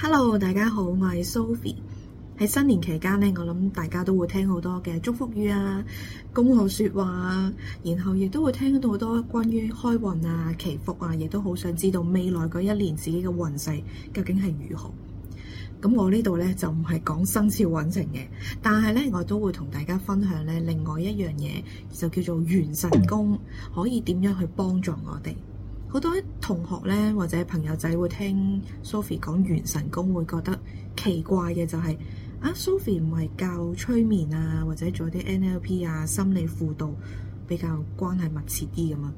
Hello，大家好，我係 Sophy。喺新年期間呢，我諗大家都會聽好多嘅祝福語啊、恭賀說話啊，然後亦都會聽到好多關於開運啊、祈福啊，亦都好想知道未來嗰一年自己嘅運勢究竟係如何。咁我呢度呢，就唔係講生肖運程嘅，但係呢，我都會同大家分享呢另外一樣嘢，就叫做元辰宮，可以點樣去幫助我哋。好多同學咧，或者朋友仔會聽 Sophy 講元辰宮，會覺得奇怪嘅就係啊，Sophy 唔係教催眠啊，或者做啲 NLP 啊、心理輔導比較關係密切啲咁啊。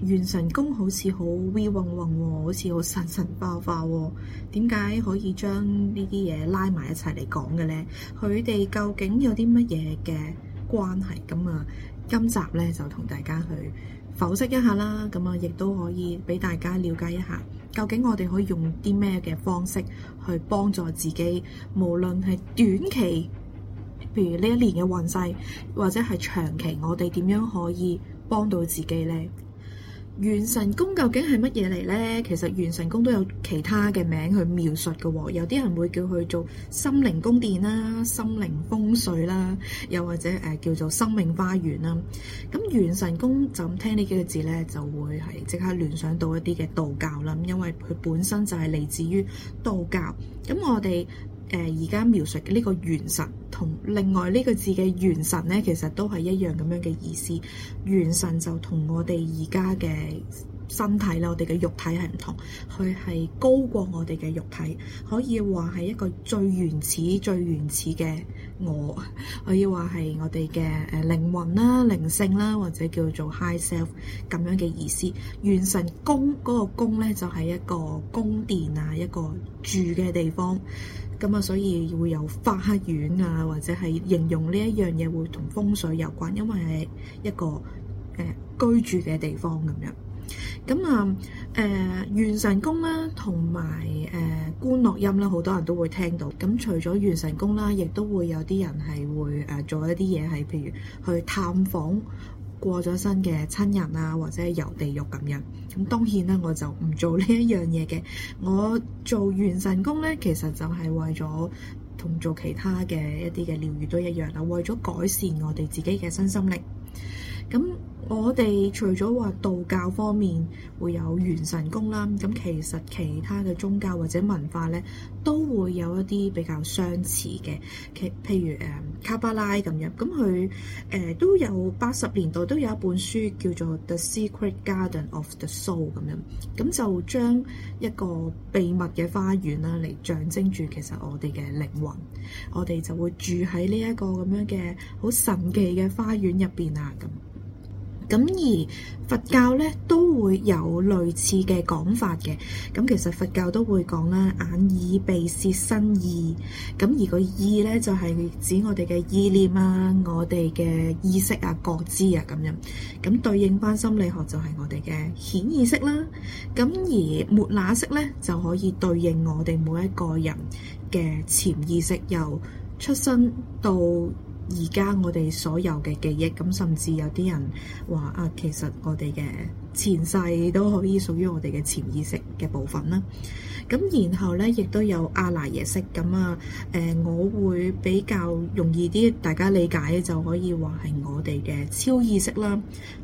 元辰宮好似好玄乎乎喎，好似好神神化化喎，點解可以將呢啲嘢拉埋一齊嚟講嘅咧？佢哋究竟有啲乜嘢嘅關係咁啊？今集咧就同大家去，剖析一下啦，咁啊，亦都可以畀大家了解一下，究竟我哋可以用啲咩嘅方式去幫助自己，無論係短期，譬如呢一年嘅運勢，或者係長期，我哋點樣可以幫到自己咧？元辰宮究竟係乜嘢嚟呢？其實元辰宮都有其他嘅名去描述嘅喎、哦，有啲人會叫佢做心靈宮殿啦、心靈風水啦，又或者誒叫做生命花園啦。咁元辰宮就聽呢幾個字呢，就會係即刻聯想到一啲嘅道教啦，因為佢本身就係嚟自於道教。咁我哋。誒而家描述嘅呢個元神同另外呢個字嘅元神呢，其實都係一樣咁樣嘅意思。元神就同我哋而家嘅身體啦，我哋嘅肉體係唔同，佢係高過我哋嘅肉體，可以話係一個最原始、最原始嘅。我可以話係我哋嘅誒靈魂啦，靈性啦，或者叫做 high self 咁樣嘅意思。元辰宮個宮咧，就係、是、一個宮殿啊，一個住嘅地方。咁啊，所以會有花園啊，或者係形容呢一樣嘢會同風水有關，因為係一個誒、呃、居住嘅地方咁樣。咁啊，誒，元、呃、辰宮啦，同埋誒，觀落陰啦，好多人都會聽到。咁除咗元辰宮啦，亦都會有啲人係會誒、呃、做一啲嘢，係譬如去探訪過咗身嘅親人啊，或者遊地獄咁樣。咁當然啦，我就唔做呢一樣嘢嘅。我做元辰宮咧，其實就係為咗同做其他嘅一啲嘅療癒都一樣啦，為咗改善我哋自己嘅身心靈。咁。我哋除咗話道教方面會有元辰宮啦，咁其實其他嘅宗教或者文化咧，都會有一啲比較相似嘅。其譬如誒卡巴拉咁樣，咁佢誒都有八十年代都有一本書叫做《The Secret Garden of the Soul》咁樣，咁就將一個秘密嘅花園啦，嚟象徵住其實我哋嘅靈魂，我哋就會住喺呢一個咁樣嘅好神奇嘅花園入邊啊，咁。咁而佛教呢都會有類似嘅講法嘅，咁其實佛教都會講啦，眼耳鼻舌身意，咁而個意呢就係指我哋嘅意念啊、我哋嘅意識啊、覺知啊咁樣，咁對應翻心理學就係我哋嘅顯意識啦，咁而末那識呢就可以對應我哋每一個人嘅潛意識，由出生到。而家我哋所有嘅記憶，咁甚至有啲人話啊，其實我哋嘅前世都可以屬於我哋嘅潛意識嘅部分啦。咁然後呢，亦都有阿賴耶識咁啊。誒、呃，我會比較容易啲大家理解，就可以話係我哋嘅超意識啦，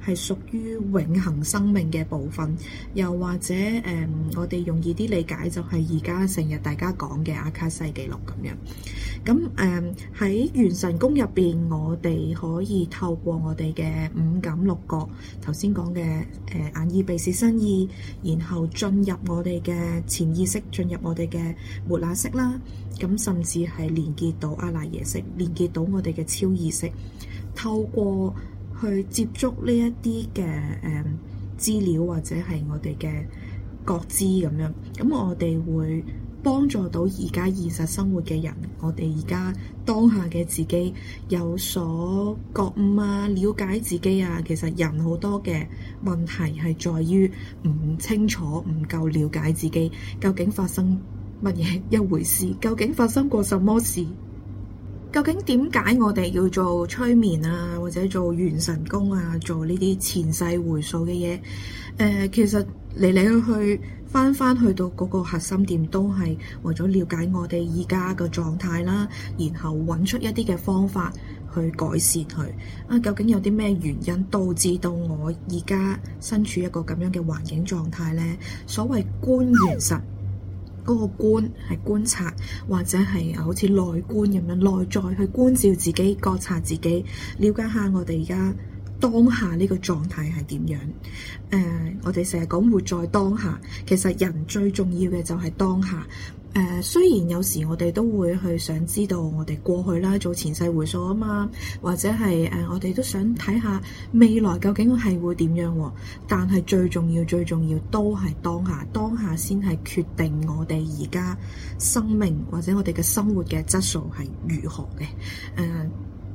係屬於永恆生命嘅部分。又或者誒、呃，我哋容易啲理解就係而家成日大家講嘅阿卡西記錄咁樣。咁誒喺元辰宮入邊，我哋可以透過我哋嘅五感六覺，頭先講嘅眼耳鼻舌身意，然後進入我哋嘅潛意識，進入我哋嘅末那識啦，咁甚至係連接到阿賴耶識，連接到我哋嘅超意識，透過去接觸呢一啲嘅誒資料或者係我哋嘅覺知咁樣，咁我哋會。幫助到而家現實生活嘅人，我哋而家當下嘅自己有所覺悟啊，了解自己啊。其實人好多嘅問題係在於唔清楚、唔夠了解自己，究竟發生乜嘢一回事？究竟發生過什麼事？究竟點解我哋要做催眠啊，或者做元辰宮啊，做呢啲前世回溯嘅嘢？誒、呃，其實嚟嚟去去。翻翻去到嗰個核心點，都係為咗了解我哋而家嘅狀態啦，然後揾出一啲嘅方法去改善佢。啊，究竟有啲咩原因導致到我而家身處一個咁樣嘅環境狀態呢？所謂觀現實，嗰個觀係觀察或者係好似內觀咁樣，內在去觀照自己，覺察自己，了解下我哋而家，當下呢個狀態係點樣？誒, uh, 我哋成日講活在當下，其實人最重要嘅就係當下。誒, uh, 雖然有時我哋都會去想知道我哋過去啦，做前世回溯啊嘛，或者係誒，uh, 我哋都想睇下未來究竟係會點樣啊。但係最重要、最重要都係當下，當下先係決定我哋而家生命或者我哋嘅生活嘅質素係如何嘅。誒, uh.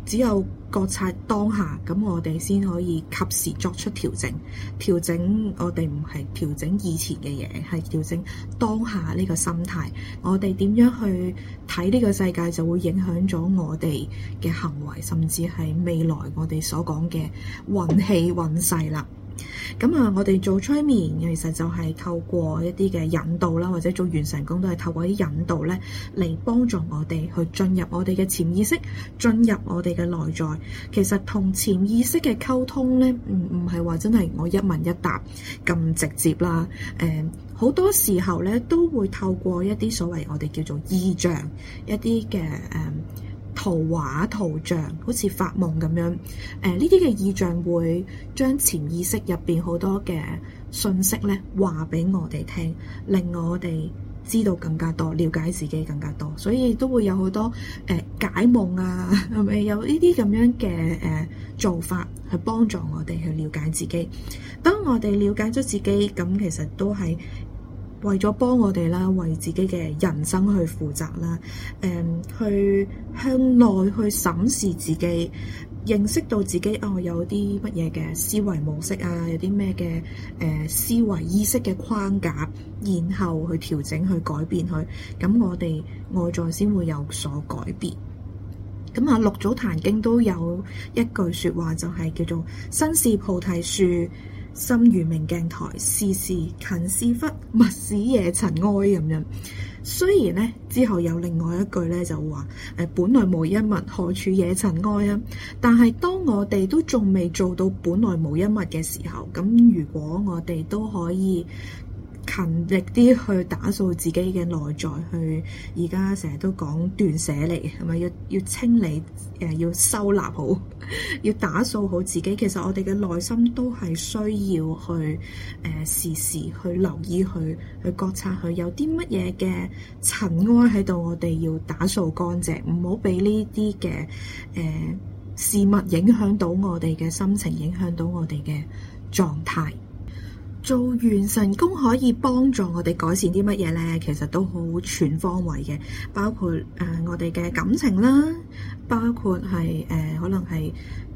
只有覺察當下，咁我哋先可以及時作出調整。調整我哋唔係調整以前嘅嘢，係調整當下呢個心態。我哋點樣去睇呢個世界，就會影響咗我哋嘅行為，甚至係未來我哋所講嘅運氣、運勢啦。咁啊、嗯，我哋做催眠，其實就係透過一啲嘅引導啦，或者做完成功都係透過啲引導咧，嚟幫助我哋去進入我哋嘅潛意識，進入我哋嘅內在。其實同潛意識嘅溝通咧，唔唔係話真係我一問一答咁直接啦。誒、嗯，好多時候咧都會透過一啲所謂我哋叫做意象一啲嘅誒。嗯圖畫、圖像，好似發夢咁樣，誒、呃，呢啲嘅意象會將潛意識入邊好多嘅信息咧，話俾我哋聽，令我哋知道更加多，了解自己更加多，所以都會有好多誒、呃、解夢啊，係咪有呢啲咁樣嘅誒、呃、做法去幫助我哋去了解自己？當我哋了解咗自己，咁其實都係，為咗幫我哋啦，為自己嘅人生去負責啦，誒、嗯，去向內去審視自己，認識到自己哦有啲乜嘢嘅思維模式啊，有啲咩嘅誒思維意識嘅框架，然後去調整去改變佢，咁我哋外在先會有所改變。咁啊，《六祖壇經》都有一句說話，就係、是、叫做“身是菩提樹”。心如明鏡台，時時勤思忽，勿使惹塵埃咁樣。雖然呢，之後有另外一句呢，就話，誒本來無一物，何處惹塵埃啊？但係當我哋都仲未做到本來無一物嘅時候，咁如果我哋都可以。勤力啲去打掃自己嘅內在，去而家成日都講斷捨離，係咪要要清理？誒、呃、要收納好， 要打掃好自己。其實我哋嘅內心都係需要去誒、呃、時時去留意，去去覺察，去有啲乜嘢嘅塵埃喺度，我哋要打掃乾淨，唔好俾呢啲嘅誒事物影響到我哋嘅心情，影響到我哋嘅狀態。做完神功可以幫助我哋改善啲乜嘢呢？其實都好全方位嘅，包括誒、呃、我哋嘅感情啦，包括係誒、呃、可能係，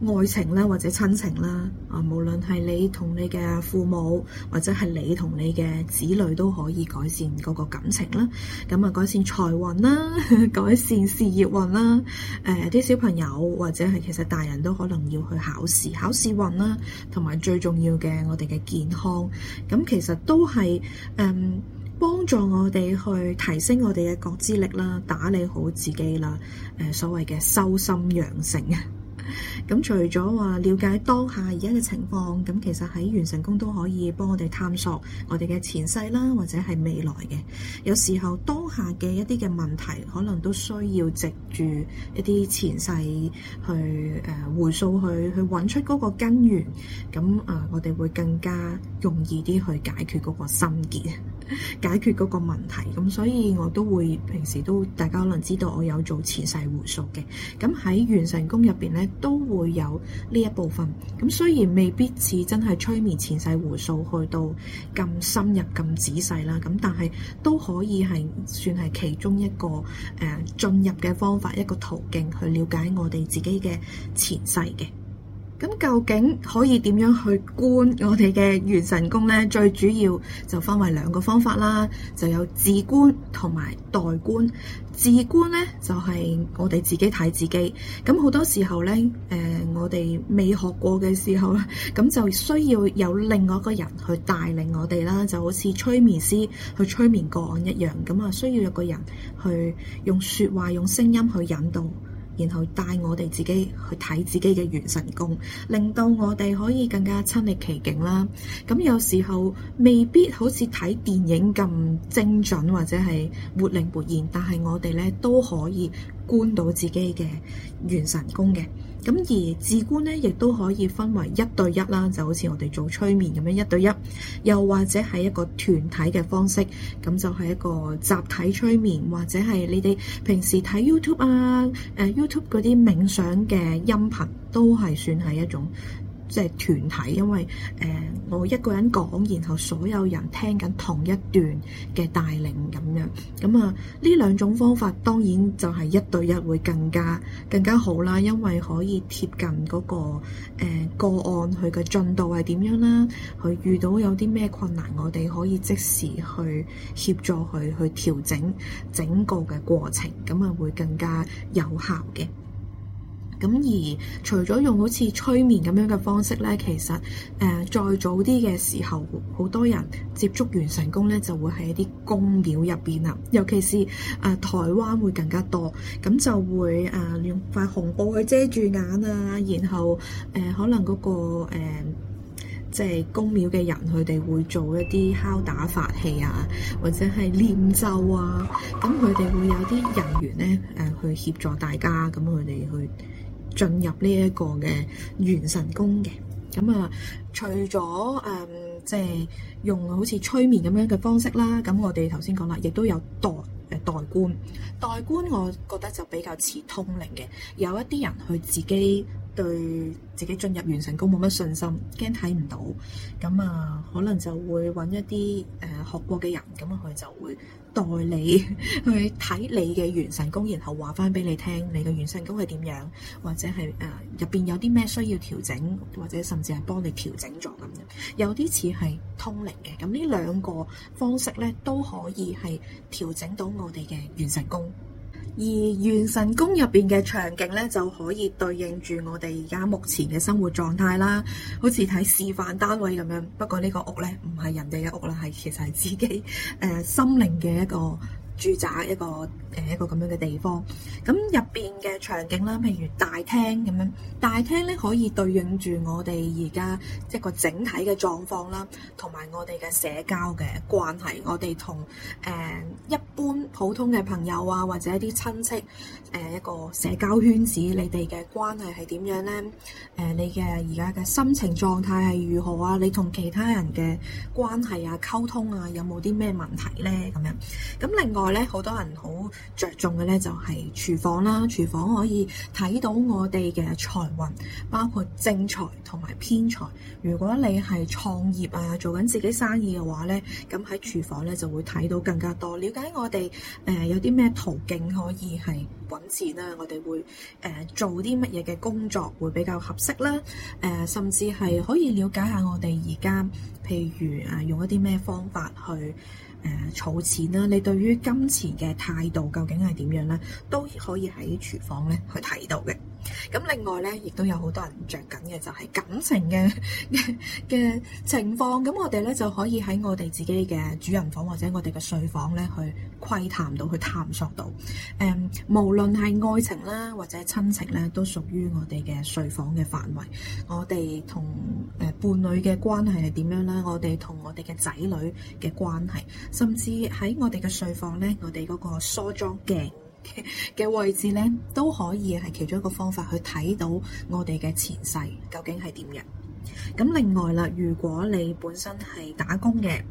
愛情啦，或者親情啦，啊，無論係你同你嘅父母，或者係你同你嘅子女，都可以改善嗰個感情啦。咁啊，改善財運啦，改善事業運啦。誒、呃，啲小朋友或者係其實大人都可能要去考試，考試運啦，同埋最重要嘅我哋嘅健康。咁其實都係誒、嗯、幫助我哋去提升我哋嘅覺知力啦，打理好自己啦。誒、呃，所謂嘅修心養性。咁除咗話了解當下而家嘅情況，咁其實喺元辰宮都可以幫我哋探索我哋嘅前世啦，或者係未來嘅。有時候當下嘅一啲嘅問題，可能都需要藉住一啲前世去誒、回溯去去揾出嗰個根源。咁啊，我哋會更加容易啲去解決嗰個心結。解決嗰個問題，咁所以我都會平時都大家可能知道我有做前世回溯嘅，咁喺元辰宮入邊咧都會有呢一部分。咁雖然未必似真係催眠前世回溯去到咁深入、咁仔細啦，咁但係都可以係算係其中一個誒、呃、進入嘅方法，一個途徑去了解我哋自己嘅前世嘅。咁究竟可以點樣去觀我哋嘅元辰宮呢？最主要就分為兩個方法啦，就有自觀同埋代觀。自觀呢，就係、是、我哋自己睇自己。咁好多時候呢，誒、呃、我哋未學過嘅時候呢，咁就需要有另外一個人去帶領我哋啦，就好似催眠師去催眠個案一樣，咁啊需要有個人去用説話、用聲音去引導。然後帶我哋自己去睇自己嘅元辰宮，令到我哋可以更加親歷其境啦。咁有時候未必好似睇電影咁精準，或者係活靈活現，但係我哋呢都可以觀到自己嘅元辰宮嘅，咁而自觀咧，亦都可以分為一對一啦，就好似我哋做催眠咁樣一對一，又或者係一個團體嘅方式，咁就係一個集體催眠，或者係你哋平時睇 YouTube 啊，誒、啊、YouTube 嗰啲冥想嘅音頻，都係算係一種。即係團體，因為誒、呃、我一個人講，然後所有人聽緊同一段嘅帶領咁樣。咁啊，呢兩種方法當然就係一對一會更加更加好啦，因為可以貼近嗰、那個誒、呃、個案佢嘅進度係點樣啦，佢遇到有啲咩困難，我哋可以即時去協助佢去調整整個嘅過程，咁啊會更加有效嘅。咁而除咗用好似催眠咁樣嘅方式咧，其實誒、呃、再早啲嘅時候，好多人接觸完神功咧，就會喺一啲宮廟入邊啦。尤其是誒、呃、台灣會更加多，咁就會誒、呃、用塊紅布去遮住眼啊，然後誒、呃、可能嗰、那個誒即係宮廟嘅人，佢哋會做一啲敲打法器啊，或者係念咒啊，咁佢哋會有啲人員咧誒、呃、去協助大家，咁佢哋去。進入呢一個嘅元辰宮嘅，咁啊，除咗誒，即、嗯、係、就是、用好似催眠咁樣嘅方式啦，咁我哋頭先講啦，亦都有代誒、呃、代觀、代觀，我覺得就比較似通靈嘅，有一啲人佢自己，對自己進入元辰宮冇乜信心，驚睇唔到，咁啊可能就會揾一啲誒、呃、學過嘅人，咁佢就會代你去睇你嘅元辰宮，然後話翻俾你聽你嘅元辰宮係點樣，或者係誒入邊有啲咩需要調整，或者甚至係幫你調整咗咁樣，有啲似係通靈嘅，咁呢兩個方式咧都可以係調整到我哋嘅元辰宮。而元辰宮入邊嘅場景咧，就可以對應住我哋而家目前嘅生活狀態啦。好似睇示範單位咁樣，不過呢個屋咧，唔係人哋嘅屋啦，係其實係自己誒、呃、心靈嘅一個。住宅一個誒、呃、一個咁樣嘅地方，咁入邊嘅場景啦，譬如大廳咁樣，大廳咧可以對應住我哋而家一個整體嘅狀況啦，同埋我哋嘅社交嘅關係，我哋同誒一般普通嘅朋友啊，或者一啲親戚誒、呃、一個社交圈子，你哋嘅關係係點樣咧？誒、呃、你嘅而家嘅心情狀態係如何啊？你同其他人嘅關係啊、溝通啊，有冇啲咩問題咧？咁樣，咁另外。咧好多人好着重嘅咧就係廚房啦，廚房可以睇到我哋嘅財運，包括正財同埋偏財。如果你係創業啊，做緊自己生意嘅話咧，咁喺廚房咧就會睇到更加多。了解我哋誒、呃、有啲咩途徑可以係搵錢啦，我哋會誒、呃、做啲乜嘢嘅工作會比較合適啦。誒、呃，甚至係可以了解下我哋而家，譬如啊、呃，用一啲咩方法去。誒、啊、儲錢啦，你對於金錢嘅態度究竟係點樣呢？都可以喺廚房呢去睇到嘅。咁另外咧，亦都有好多人着緊嘅就係、是、感情嘅嘅 情況。咁我哋咧就可以喺我哋自己嘅主人房或者我哋嘅睡房咧去窺探到、去探索到。誒、嗯，無論係愛情啦，或者親情咧，都屬於我哋嘅睡房嘅範圍。我哋同誒伴侶嘅關係係點樣咧？我哋同我哋嘅仔女嘅關係，甚至喺我哋嘅睡房咧，我哋嗰個梳妝鏡嘅位置咧，都可以係其中一個方法去睇到我哋嘅前世究竟係點樣。咁另外啦，如果你本身係打工嘅，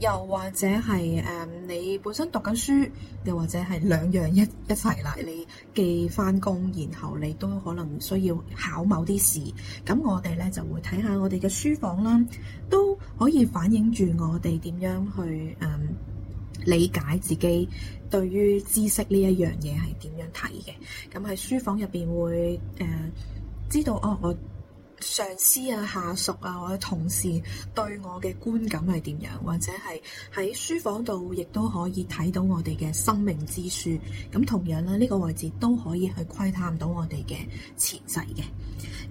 又或者係誒、呃、你本身讀緊書，又或者係兩樣一一齊啦，你既返工，然後你都可能需要考某啲試。咁我哋咧就會睇下我哋嘅書房啦，都可以反映住我哋點樣去誒。呃理解自己對於知識呢一樣嘢係點樣睇嘅，咁喺書房入邊會誒、呃、知道哦，我。上司啊、下屬啊或者同事對我嘅觀感係點樣，或者係喺書房度亦都可以睇到我哋嘅生命之樹，咁同樣啦，呢、這個位置都可以去窺探到我哋嘅設計嘅。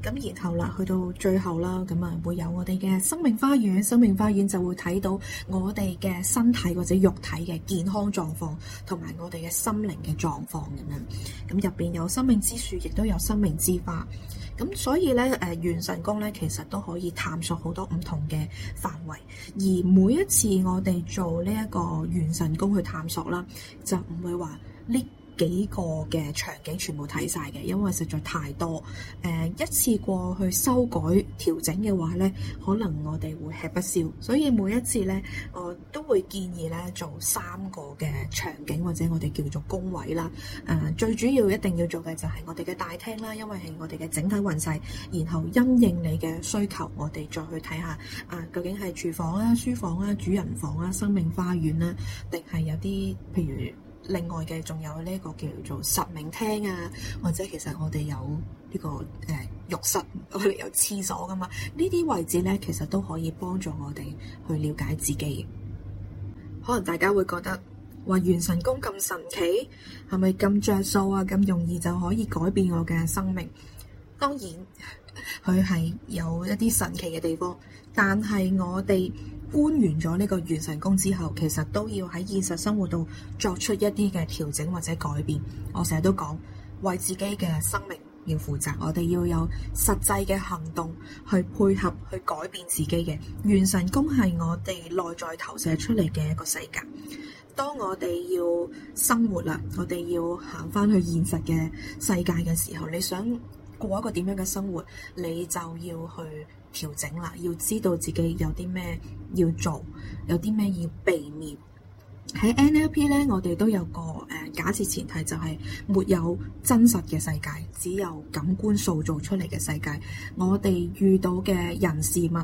咁然後啦，去到最後啦，咁啊，會有我哋嘅生命花園，生命花園就會睇到我哋嘅身體或者肉體嘅健康狀況同埋我哋嘅心靈嘅狀況，咁樣，咁入邊有生命之樹亦都有生命之花。咁所以咧，誒、呃。辰宮咧，其實都可以探索好多唔同嘅範圍，而每一次我哋做呢一個元辰宮去探索啦，就唔會話呢，幾個嘅場景全部睇晒嘅，因為實在太多。誒、呃，一次過去修改調整嘅話呢，可能我哋會吃不消。所以每一次呢，我都會建議呢做三個嘅場景，或者我哋叫做工位啦。誒、呃，最主要一定要做嘅就係我哋嘅大廳啦，因為係我哋嘅整體運勢。然後因應你嘅需求，我哋再去睇下啊、呃，究竟係廚房啊、書房啊、主人房啊、生命花園啦，定係有啲譬如。另外嘅仲有呢個叫做神明廳啊，或者其實我哋有呢、這個誒、呃、浴室，我哋有廁所噶嘛？呢啲位置咧，其實都可以幫助我哋去了解自己。可能大家會覺得話元辰宮咁神奇，係咪咁着數啊？咁容易就可以改變我嘅生命？當然，佢係有一啲神奇嘅地方，但係我哋。搬完完咗呢個元辰宮之後，其實都要喺現實生活度作出一啲嘅調整或者改變。我成日都講為自己嘅生命要負責，我哋要有實際嘅行動去配合去改變自己嘅元辰宮係我哋內在投射出嚟嘅一個世界。當我哋要生活啦，我哋要行返去現實嘅世界嘅時候，你想過一個點樣嘅生活，你就要去。調整啦，要知道自己有啲咩要做，有啲咩要避免。喺 NLP 咧，我哋都有個誒假設前提、就是，就係沒有真實嘅世界，只有感官塑造出嚟嘅世界。我哋遇到嘅人事物，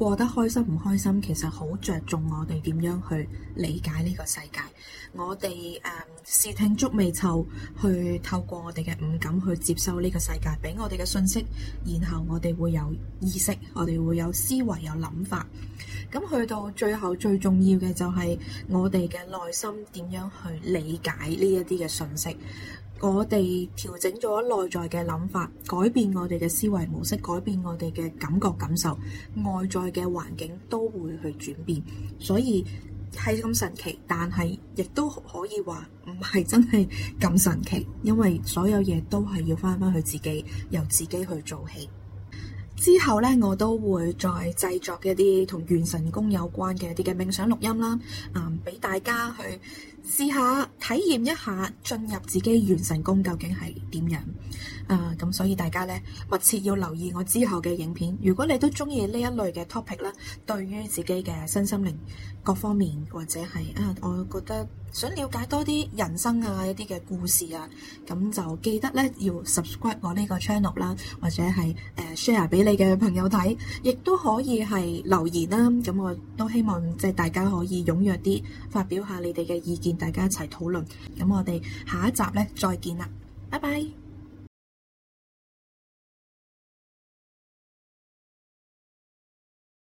過得開心唔開心，其實好着重我哋點樣去理解呢個世界。我哋誒、嗯，視聽觸味嗅，去透過我哋嘅五感去接收呢個世界，俾我哋嘅信息，然後我哋會有意識，我哋會有思維、有諗法。咁去到最後最重要嘅就係我哋嘅內心點樣去理解呢一啲嘅信息。我哋調整咗內在嘅諗法，改變我哋嘅思維模式，改變我哋嘅感覺感受，外在嘅環境都會去轉變，所以係咁神奇。但係亦都可以話唔係真係咁神奇，因為所有嘢都係要翻翻佢自己，由自己去做起。之後呢，我都會再製作一啲同元辰宮有關嘅一啲嘅冥想錄音啦，啊、嗯，俾大家去。試下體驗一下進入自己元辰宮究竟係點樣。啊！咁、uh, 所以大家咧密切要留意我之後嘅影片。如果你都中意呢一類嘅 topic 啦，對於自己嘅身心靈各方面，或者係啊，我覺得想了解多啲人生啊一啲嘅故事啊，咁就記得咧要 subscribe 我呢個 channel 啦，或者係誒、uh, share 俾你嘅朋友睇，亦都可以係留言啦、啊。咁我都希望即係大家可以踴躍啲發表下你哋嘅意見，大家一齊討論。咁我哋下一集咧再見啦，拜拜。